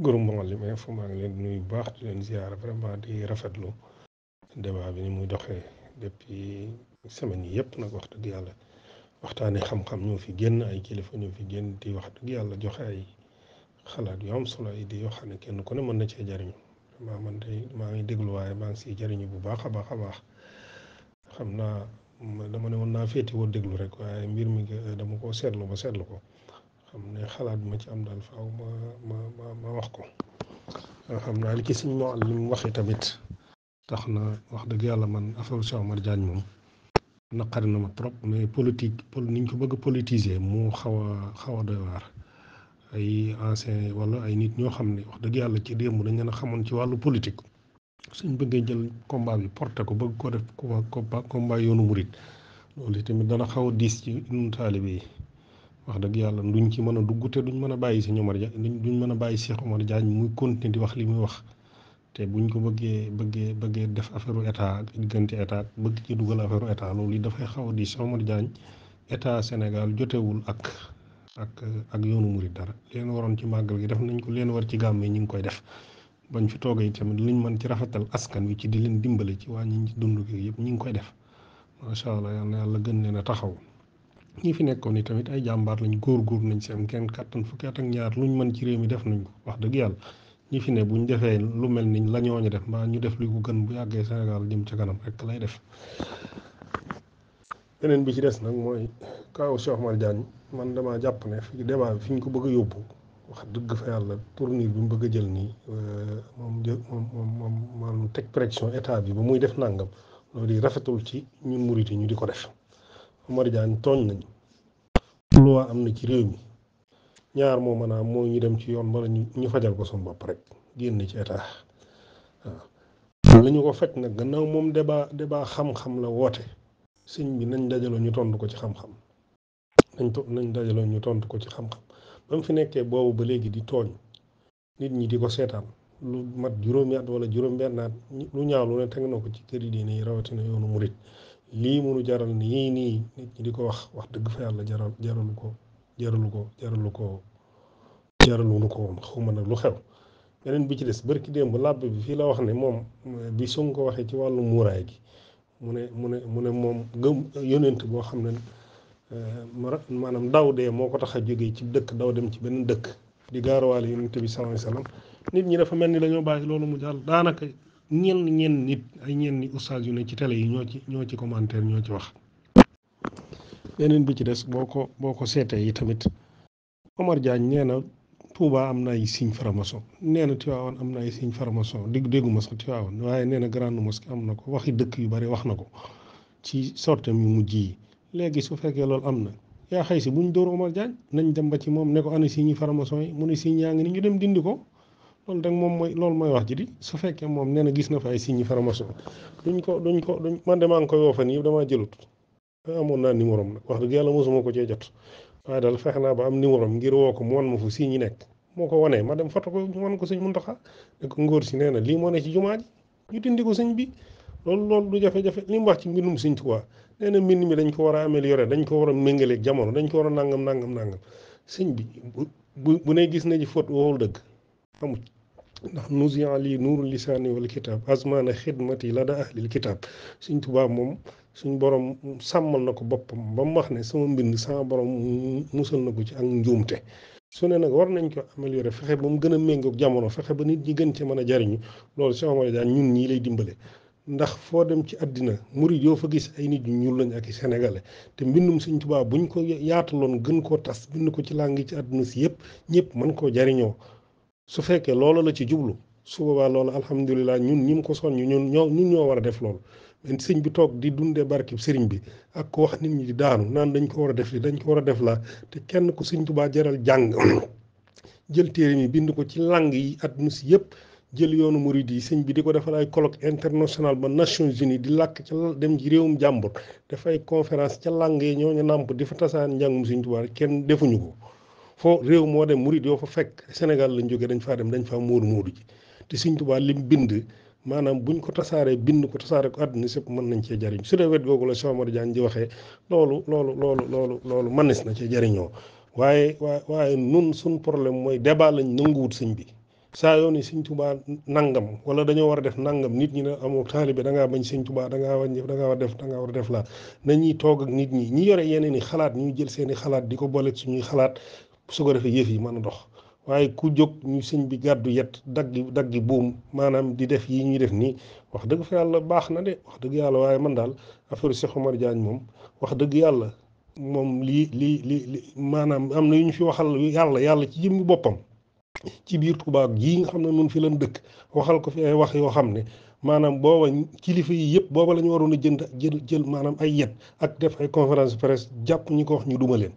groupe Mouhalim Info maa ngi leen di nuyu bu baax di leen ziar vraiment di rafetlu débat bi ni mu doxee depuis semaines yi yëpp nag wax dëgg yàlla waxtaanee xam-xam ñoo fi génn ay kilifa ñoo fi génn di wax dëgg yàlla joxe ay xalaat yu solo yi di yoo xam ne kenn ku ne mën na cee jariñu maa man de maa ngi déglu waaye maa ngi siy jariñu bu baax a baax a baax xam naa dama ne woon naa féeti woo déglu rek waaye mbir mi dama koo seetlu ba seetlu ko. xam ne xalaat bi ma ci am daal fa ma ma ma wax ko xam naa li ci suñ moo am li mu waxee tamit tax na wax dëgg yàlla man affaire Cheikh ma Diagne moom naqari na ma trop mais politique pol ni ñu ko bëgg a politiser moo xaw a xaw a doy waar ay ay nit ñoo xam ne wax dëgg yàlla ci démb dañ leen a xamoon ci wàllu politique suñ bëggee jël combat bi porte ko bëgg ko def combat combat yoonu murit loolu tamit dana xaw a diis ci ñun taalibe yi wax dëgg yàlla duñ ci mën a dugg te duñ mën a bàyyi Sëñ Omar Dia duñ mën a bàyyi Cheikh Omar Diagne muy continuer di wax li muy wax te buñ ko bëggee bëggee bëggee def affaire ak diggante état bëgg ci dugal affaire état loolu yi dafay xaw a di Cheikh Omar Diagne état Sénégal jotewul ak ak ak yoonu murit dara leen waroon ci màggal gi def nañ ko leen war ci gàmm yi ñu ngi koy def bañ fi toogee tamit liñ mën ci rafetal askan wi ci di leen dimbale ci wàññi dund gi yëpp ñu ngi koy def macha allah yal yàlla gën leen a taxaw. ñii fi nekkoon i tamit ay jàmbaar lañu góor-góor nañ seen kenn kàttan fukki at ak ñaar ñu mën ci réew mi def nañu ko wax dëgg yàlla ñi fi ne bu ñu defee lu mel ni la ñooñu def mbaa ñu def li ko gën bu yàggee Sénégal jëm ca kanam rek lay def bi ci des nag mooy kaw Cheikh Oumar jàng man damaa jàpp ne fi débat fi ñu ko bëgg a yóbbu wax dëgg fa yàlla tournure bi mu bëgg a jël nii euh, moom moom moom maanaam teg pression état bi moom muy def nangam loolu di rafetul ci ñun murit yi ñu di ko def Omar Diagne tooñ nañu loi am na ci réew mi ñaar moo mën a am mooy ñu dem ci yoon wala ñu fajal ko suñu bopp rek génn ci état waaw la ko faj nag gannaaw moom débat débat xam-xam la woote sëñ bi nañ dajaloo ñu tontu ko ci xam-xam nañ nañ dajaloo ñu tontu ko ci xam-xam ba mu fi nekkee boobu ba léegi di tooñ nit ñi di ko seetaan lu mat juróom at wala juróom-benn at lu ñaaw lu ne teg na ko ci kër yi diine yi rawatina yoonu murit lii munu jaral nii nii nit ñi di ko wax wax dëgg fa yàlla jaral jaralu ko jaralu ko jaralu ko jaralunu ko woon xawma nag lu xew beneen bi ci des bërki démb làbb bi fii la wax ne moom bi Sonko ko waxee ci wàllu muuraay gi mu ne mu ne mu ne moom gëm yonent boo xam ne eh, maanaam daw dee moo ko tax a jógee ci dëkk daw dem ci benn dëkk di gaaruwaale yonent bi sallallahu alayhi nit ñi dafa mel ni dañoo bàyyi loolu mu jàll daanaka ñenn ñenn nit ay ni ustaas yu ne ci tele yi ñoo ci ñoo ci commentaire ñoo ci wax beneen bi ci des boo ko boo ko seetee yi tamit Omar Diagne nee na Touba am na ay signe franc-maçon nee na Tivaouane am na ay signe franc-maçon dégg dégguma sax Tivaouane waaye nee na grande mosquée am na ko waxi dëkk yu bari wax na ko ci sortem mu mujj yi léegi su fekkee loolu am na yaa xëy si bu ñu dóor Omar Diagne nañ dem ba ci moom ne ko ana signe franc-maçon yi mu ne signe yaa ngi ni ñu dem dindi ko loolu danga moom mooy loolu mooy wax ji di su fekkee moom nee na gis na fa ay signes franc-maçon duñ ko duñ ko duñ man de maa ngi koy woo fan yëpp damaa jëlut amoon naa numéro am nag wax dëgg yàlla mosuma ko cee jot waaye daal fexe naa ba am numéro am ngir woo ko mu wan ma fu signes yi nekk moo ko wanee ma dem foto ko ñu wan ko sëñ Muntaxa ne ko ngóor si nee na lii moo ne ci jumaa ji ñu dindi ko sëñ bi loolu loolu du jafe-jafe li mu wax ci mbindum sëñ Tuubaa nee na mbind mi dañ ko war a améliorer dañ ko war a méngaleeg jamono dañ ko war a nangam nangam nangam sëñ bi bu bu ne gis na ji faute waxul dëgg amut ndax nusian lii nuuru lisaani wal kitaab azmaana xidmati la da ahlil kitaab suñ tubaab moom suñ borom sàmmal na ko boppam ba mu wax ne sama mbind sama borom musal na ko ci ak njuumte su ne nag war nañ ko améliorer fexe ba mu gën a méngoog jamono fexe ba nit ñi gën ci mën a jariñu loolu si amale daan ñun ñii lay dimbale ndax foo dem ci àddina murid yoo fa gis ay nit ñu ñuul lañ ak i sénégalais te mbindum Sëñ Tuubaa buñ ko yaataloon gën koo tas bind ko ci làng ci àdduna si yëpp ñëpp mën koo jariñoo su fekkee loola la ci jublu su boobaa loolu alhamdulilah ñun ñi mu ko soññ ñun ñoo ñun ñoo war a def lool mais sëñ bi toog di dundee barke sëriñ bi ak ko wax nit ñi di daanu naan dañ ko war a def li war a def laa te kenn ku sëñ Tuubaa jaral jàng jël téere mi bind ko ci lang yi at muss yëpp jël yoonu murid yi sëñ bi di ko defal ay colloque international ba Nations Unies di làkk ca dem ci réewum jàmbur def ay conférence ca lang yi ñooñu nàmp di fa tasaan njàngum sëñ Tuubaa kenn defuñu ko foo réew moo dem murid yoo fa fekk Sénégal lañ jóge dañ faa dem dañ fa móodu móodu ji te Sëñ Tuubaa lim bind maanaam buñ ko tasaaree bind ko tasaare ko àdduna sëpp mën nañ cee jariñ su dee wet googu la Cheikh Omar Diagne di waxee loolu loolu loolu loolu loolu mënees na cee jariñoo waaye waaye waaye nun suñ problème mooy débat lañ nanguwut sëñ bi saa yoon yi sëñ tubaa nangam wala dañoo war a def nangam nit ñi ne amoo taalibe da ngaa bañ sëñ tubaa da ngaa war da ngaa def da ngaa war def laa nañuy toog ak nit ñi ñi yore yeneen i xalaat ñuy jël seen i xalaat di ko boole suñuy xalaat su ko defee yëf yi mën a dox waaye ku jóg ñu sëñ bi gàddu yet daggi daggi buum maanaam di def yi ñuy def nii wax dëgg fa yàlla baax na de wax dëgg yàlla waaye man daal affaire Cheikh Omar moom wax dëgg yàlla moom lii lii lii maanaam am na yu ñu fi waxal yàlla yàlla ci jëmmi boppam ci biir Tuubaa jii nga xam ne nun fi lan dëkk waxal ko fi ay wax yoo xam ne maanaam booba kilifa yi yëpp booba la ñu waroon a jënd jël jël maanaam ay yet ak def ay conférence presse jàpp ñu ko wax ñu duma leen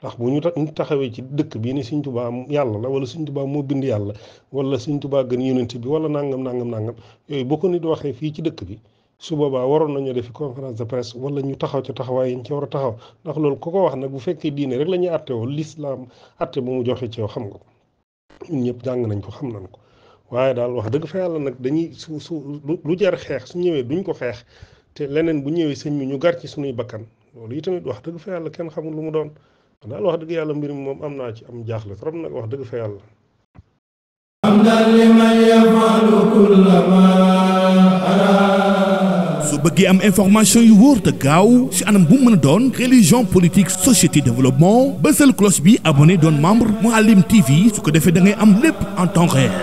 ndax bu ñu taxawee ci dëkk bii ni Sëñ tubaam yàlla la wala Sëñ tubaam moo bind yàlla wala Sëñ Tuubaa gën yonent bi wala nangam nangam nangam yooyu boo ko nit waxee fii ci dëkk bi su boobaa waroon nañoo def conférence de presse wala ñu taxaw ca taxawaay yi ñu ci war a taxaw ndax loolu ku ko wax nag bu fekkee diine rek la ñuy àtte woo lislaam àtte bu mu ci yow xam nga ko ñëpp jàng nañ ko xam nañ ko waaye daal wax dëgg fa nag dañuy su su lu jar xeex su ñëwee duñ ko xeex te leneen bu ñëwee sëñ mi ñu gar ci suñuy bakkan loolu tamit wax dëgg fa yàlla kenn xamul lu mu doon daal wax dëgg yàlla mbir mi moom am naa ci am jaaxle trop nag wax dëgg fa yàlla su bëggee am information yu wóor te gaaw si anam bu mën a doon religion politique société développement bësal cloche bi abonné doon membre Mouhalim TV su ko defee dangay am lépp en temps réel